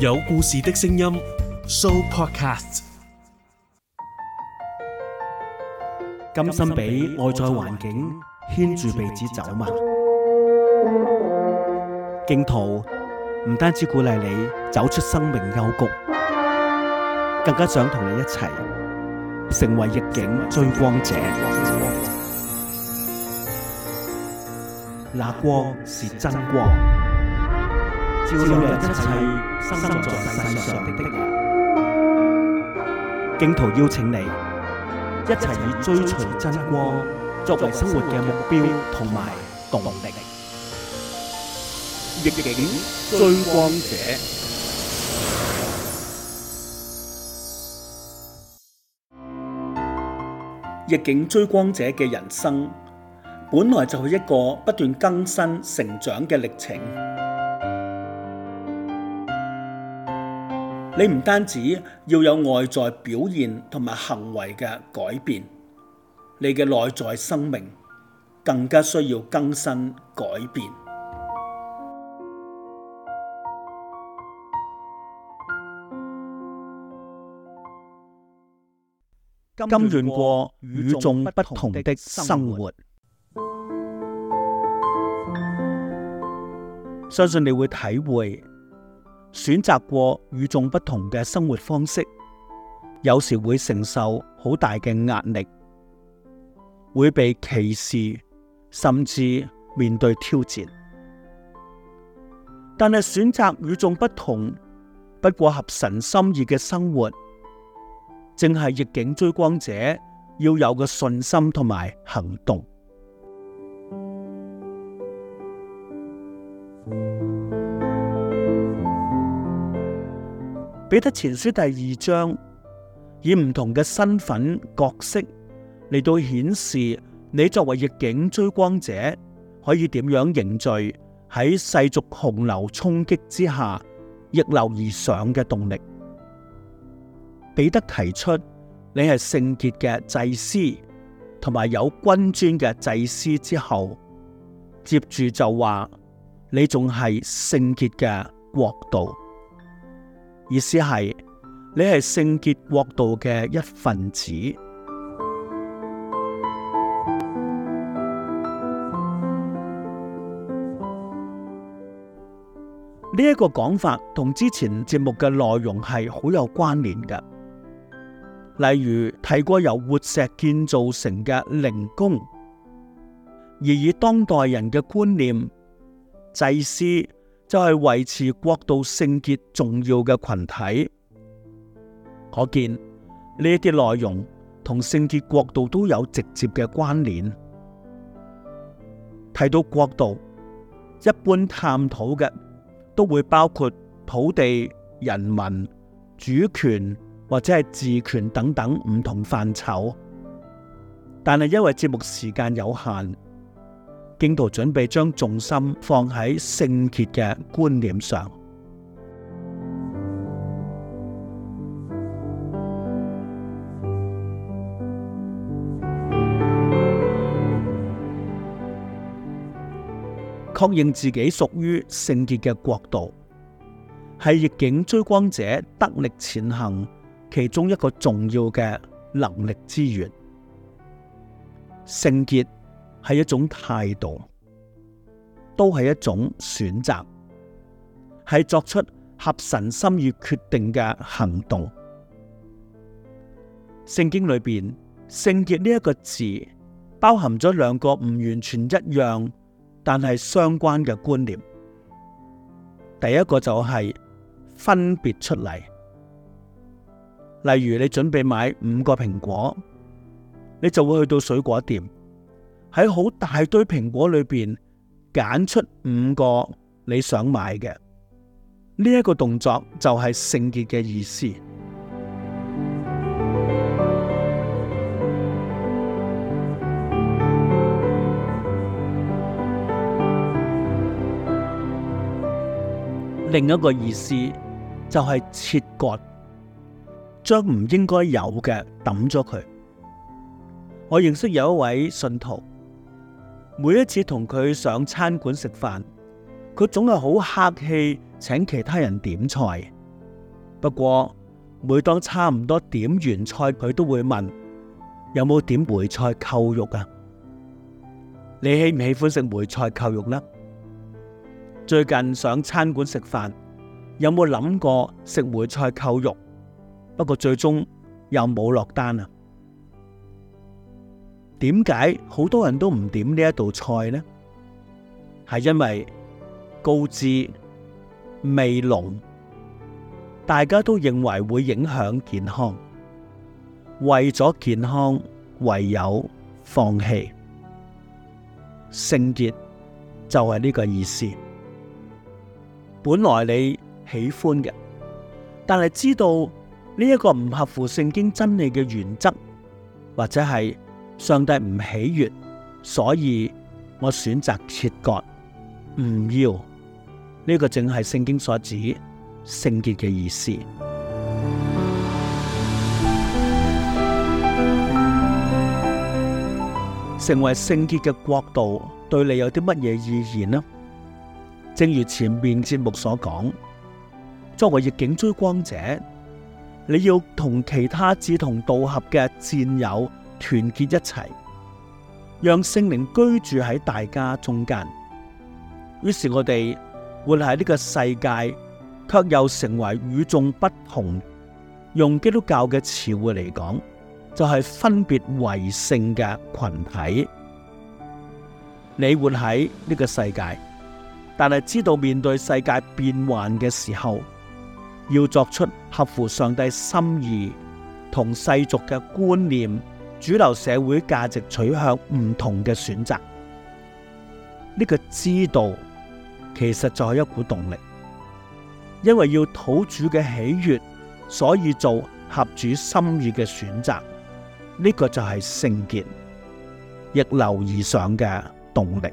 有故事的聲音，Sooopodcast。甘心俾外在環境牽住鼻子走嗎？荊徒唔單止鼓勵你走出生命幽谷，更加想同你一齊成為逆境追光者。那光是真光。照亮一切生在世上的的人，荊徒邀請你一齊以追隨真光作為生活嘅目標同埋動力。逆境追光者，逆境追光者嘅人生本來就係一個不斷更新成長嘅歷程。你唔單止要有外在表現同埋行為嘅改變，你嘅內在生命更加需要更新改變。甘願過與眾不同的生活，相信你會體會。選擇過與眾不同嘅生活方式，有時會承受好大嘅壓力，會被歧視，甚至面對挑戰。但係選擇與眾不同，不過合神心意嘅生活，正係逆境追光者要有嘅信心同埋行動。彼得前書第二章以唔同嘅身份角色嚟到顯示你作為逆境追光者可以點樣凝聚喺世俗洪流衝擊之下逆流而上嘅動力。彼得提出你係聖潔嘅祭司，同埋有君尊嘅祭司之後，接住就話你仲係聖潔嘅國度。意思係你係聖潔國度嘅一份子。呢一個講法同之前節目嘅內容係好有關聯嘅，例如提過由活石建造成嘅靈宮，而以當代人嘅觀念祭司。就係維持國度聖潔重要嘅群體，可見呢啲內容同聖潔國度都有直接嘅關聯。提到國度，一般探討嘅都會包括土地、人民、主權或者係治權等等唔同範疇，但係因為節目時間有限。基督徒準備將重心放喺聖潔嘅觀念上，確認自己屬於聖潔嘅國度，係逆境追光者得力前行其中一個重要嘅能力資源。聖潔。係一種態度，都係一種選擇，係作出合神心意決定嘅行動。聖經裏邊，聖潔呢一個字包含咗兩個唔完全一樣，但係相關嘅觀念。第一個就係分別出嚟，例如你準備買五個蘋果，你就會去到水果店。喺好大堆蘋果裏邊揀出五個你想買嘅，呢、這、一個動作就係聖潔嘅意思。另一個意思就係切割，將唔應該有嘅抌咗佢。我認識有一位信徒。每一次同佢上餐館食飯，佢總係好客氣，請其他人點菜。不過每當差唔多點完菜，佢都會問：有冇點梅菜扣肉啊？你喜唔喜歡食梅菜扣肉呢？最近上餐館食飯，有冇諗過食梅菜扣肉？不過最終又冇落單啊？點解好多人都唔點呢一道菜呢？係因為高脂味濃，大家都認為會影響健康。為咗健康，唯有放棄。聖潔就係呢個意思。本來你喜歡嘅，但係知道呢一個唔合乎聖經真理嘅原則，或者係。上帝唔喜悦，所以我選擇切割，唔要呢個正個正係聖經所指聖潔嘅意思。成為聖潔嘅國度，對你有啲乜嘢意義呢？正如前面節目所講，作為逆境追光者，你要同其他志同道合嘅戰友。團結一齊，讓聖靈居住喺大家中間。於是我哋活喺呢個世界，卻又成為與眾不同。用基督教嘅詞彙嚟講，就係分別為聖嘅群體。你活喺呢個世界，但係知道面對世界變幻嘅時候，要作出合乎上帝心意同世俗嘅觀念，主流社會價值取向唔同嘅選擇，呢個知道其實就係一股動力，因為要討主嘅喜悅，所以做合主心意嘅選擇，呢個就係聖潔逆流而上嘅動力。